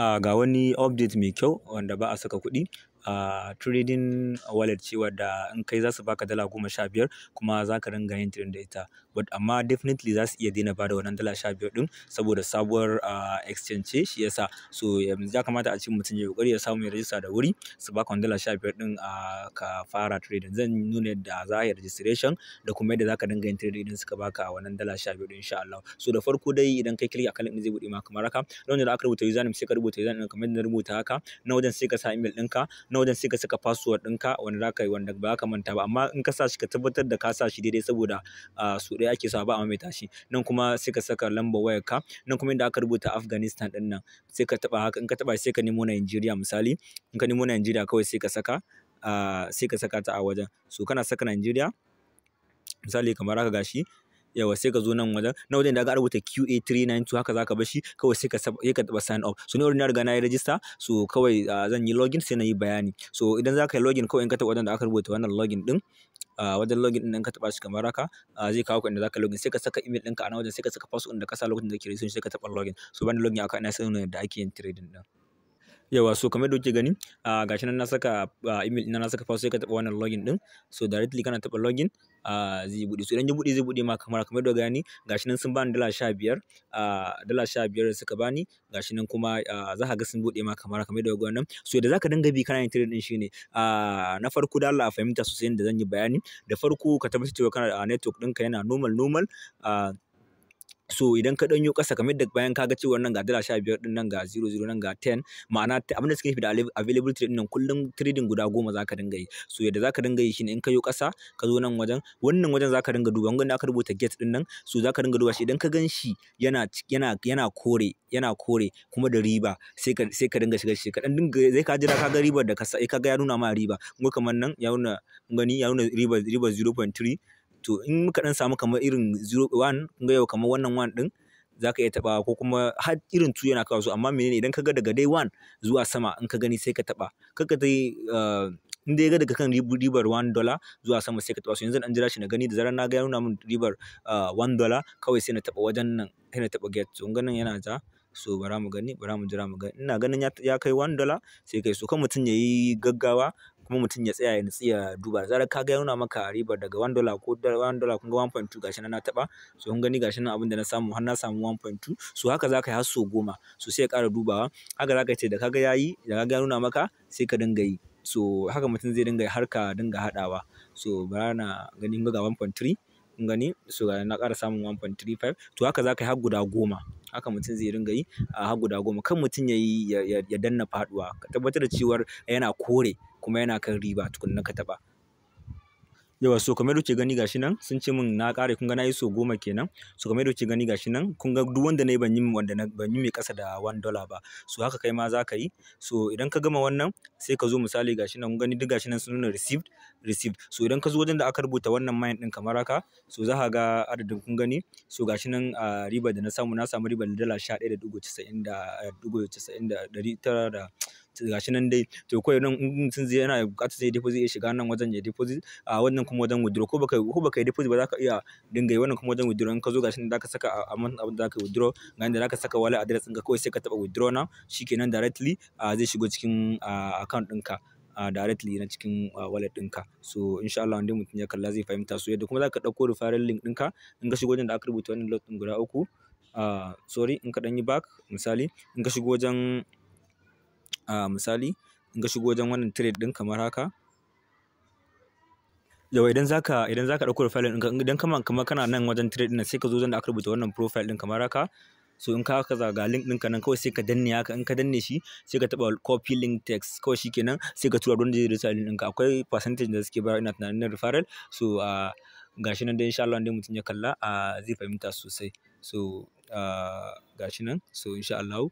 Ah, ga wani update mai kyau wanda ba a saka kuɗi a trading wallet ce wadda in kai za su baka dala goma sha biyar kuma za ka ringa yin trading da ita but amma definitely za su iya daina bada wannan dala sha biyar din saboda sabuwar exchange ce shi yasa so ya kamata a ce mutum ya kokari ya samu ya rajista da wuri su baka wannan dala sha biyar din ka fara trading zan nuna yadda za a yi registration da kuma yadda za ka dinga yin trading din suka baka wannan dala sha biyar din insha Allah so da farko dai idan kai click akan link zai buɗe maka maraka, haka da aka rubuta username sai ka rubuta username kamar yadda na rubuta haka na wajen sai ka sa email ɗinka na wajen sai ka saka password ɗinka wanda za ka yi wanda ba ka manta ba amma in ka sa shi ka tabbatar da ka sa shi daidai saboda su ɗaya ake sa ba a maimaita shi nan kuma sai ka saka lambar wayar ka nan kuma inda aka rubuta Afghanistan ɗin nan sai ka taɓa haka in ka taɓa sai ka nemo Nigeria misali in ka nemo Nigeria kawai sai ka saka sai ka saka ta a wajen so kana saka Nigeria misali kamar haka gashi yawa sai ka zo nan wajen na wajen da aka rubuta QA392 haka zaka bar shi kawai sai ka sai ka taba sign up so ni already riga na yi register so kawai ah, zan yi login sai na yi bayani so idan zaka yi login kawai in ka taba wajen da aka rubuta wannan login din a ah, wajen login din ka taba shi kamar haka ah, zai kawo ka inda zaka login sai ka saka email ɗinka a nan wajen sai ka saka password da ka sa lokacin da kake registration sai ka taba login so ban login aka ina sanin da ake yin trading din yawa so kamar da kuke gani a gashi nan na saka email na saka password sai ka taba wannan login din so directly kana taba login Uh, zai buɗe so idan ya buɗe zai buɗe ma kamar kamar da gani gashi nan sun bani dala 15 biyar dala 15 da suka bani gashi nan kuma za ka ga sun buɗe ma kamar kamar da gani so da zaka dinga bi kana yin trade din shine na farko da Allah a fahimta sosai inda zan yi bayani da farko ka tabbatar cewa kana network ɗinka yana normal normal uh, so idan ka ɗanyo ƙasa kamar da bayan ka ga cewa nan ga dala sha biyar ɗin nan ga zero zero nan ga ten ma'ana abin da suke nufi da available trade nan kullum trading guda goma za ka dinga yi so yadda za ka dinga yi shine in ka yo ƙasa ka zo nan wajen wannan wajen za ka dinga duba wannan aka rubuta gate ɗin nan so za ka dinga duba shi idan ka gan shi yana yana yana kore yana kore kuma da riba sai ka sai ka dinga shiga shi ka kaɗan dinga zai ka jira ka ga ribar da ka sa ka ga ya nuna ma riba kuma kamar nan ya nuna gani ya nuna riba riba 0.3 to in muka dan samu kamar irin 0.1 kun ga yau kamar wannan 1 din za ka iya taba ko kuma har irin 2 yana kawo su amma menene idan ka ga daga day one zuwa sama in ka gani sai ka taɓa kaka dai eh, in dai ga daga kan ribar one dollar zuwa sama sai ka taɓa su yanzu an jira shi na gani da zarar na ga ya nuna min ribar eh, one dollar kawai sai na taɓa wajen nan sai na taɓa get to ganin yana ja so bara mu gani bara mu jira mu gani ina ganin ya kai 1 dollar sai kai so kan mutum ya yi gaggawa kuma mutum ya tsaya ya nutsu ya duba da zarar kaga ya nuna maka ribar daga one dollar ko one dollar kun ga one gashi nan na taɓa so kun gani gashi nan abin da na samu har na samu one point so haka za ka yi har so goma so sai ka ƙara dubawa haka za ka ce da kaga ga ya yi da kaga ya nuna maka sai ka dinga yi so haka mutum zai dinga har ka dinga haɗawa so bara na ganin ga one point three kun gani so ga na ƙara samun 1.35 to haka za ka yi har guda goma haka mutum zai ringa yi a har guda goma kan mutum ya yi ya danna faɗuwa ka tabbatar da cewar yana kore kuma yana kan riba tukunna ka taɓa. Yawa so kamar yadda kuke gani gashi nan sun ce min na ƙare kun ga na yi so goma kenan. So kamar yadda kuke gani gashi nan kun ga duk wanda na yi ban yi wanda ban yi mai ƙasa da one dollar ba. So haka kai ma za ka yi. So idan ka gama wannan sai ka zo misali gashi nan kun gani duk gashi nan sun nuna received received. So idan ka zo wajen da aka rubuta wannan mayan ɗin kamar haka so za ka ga adadin kun gani. So gashi nan a riba da na samu na samu riba da dala sha ɗaya da dubu casa'in da dubu casa'in da ɗari tara da gashi nan dai to koyi nan in mutum zai yana bukatar zai deposit ya shiga nan wajen ya deposit a wannan kuma wajen withdraw ko baka ko baka deposit ba ka iya dinga yi wannan kuma wajen withdraw in ka zo gashi nan zaka saka amount abin da zaka withdraw ga inda zaka saka wallet address ɗinka kawai sai ka taɓa withdraw now shikenan directly zai shigo cikin account ɗinka a directly na cikin wallet ɗinka so insha Allah wanda mutum ya kalla zai fahimta so yadda kuma zaka ɗauko referral link ɗinka in ka shigo wajen da aka rubuta wannan lot ɗin guda uku sorry in ka ɗan yi back misali in ka shigo wajen a misali in ka shigo wajen wannan trade ɗin kamar haka yau idan zaka idan zaka dauko profile din idan kama kamar kana nan wajen trade din sai ka zo zan da aka rubuta wannan profile ɗin kamar haka so in ka haka ga link ɗinka nan kawai sai ka danne haka in ka danne shi sai ka taɓa copy link text kawai shikenan sai ka tura wanda zai referral link ɗinka akwai percentage da suke bayar ina tunanin na referral so a gashi nan dai insha Allah dai mutum ya kalla a zai fahimta sosai so gashi nan so insha Allah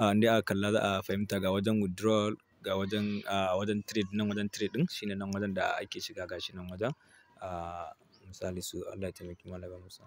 Ah, inda aka kalla za a fahimta ga wajen withdrawal ga wajen ah, wajen trade nan wajen trade ɗin shine nan wajen da ake shiga gashi nan wajen ah, misali su Allah ya taimaki malam Musa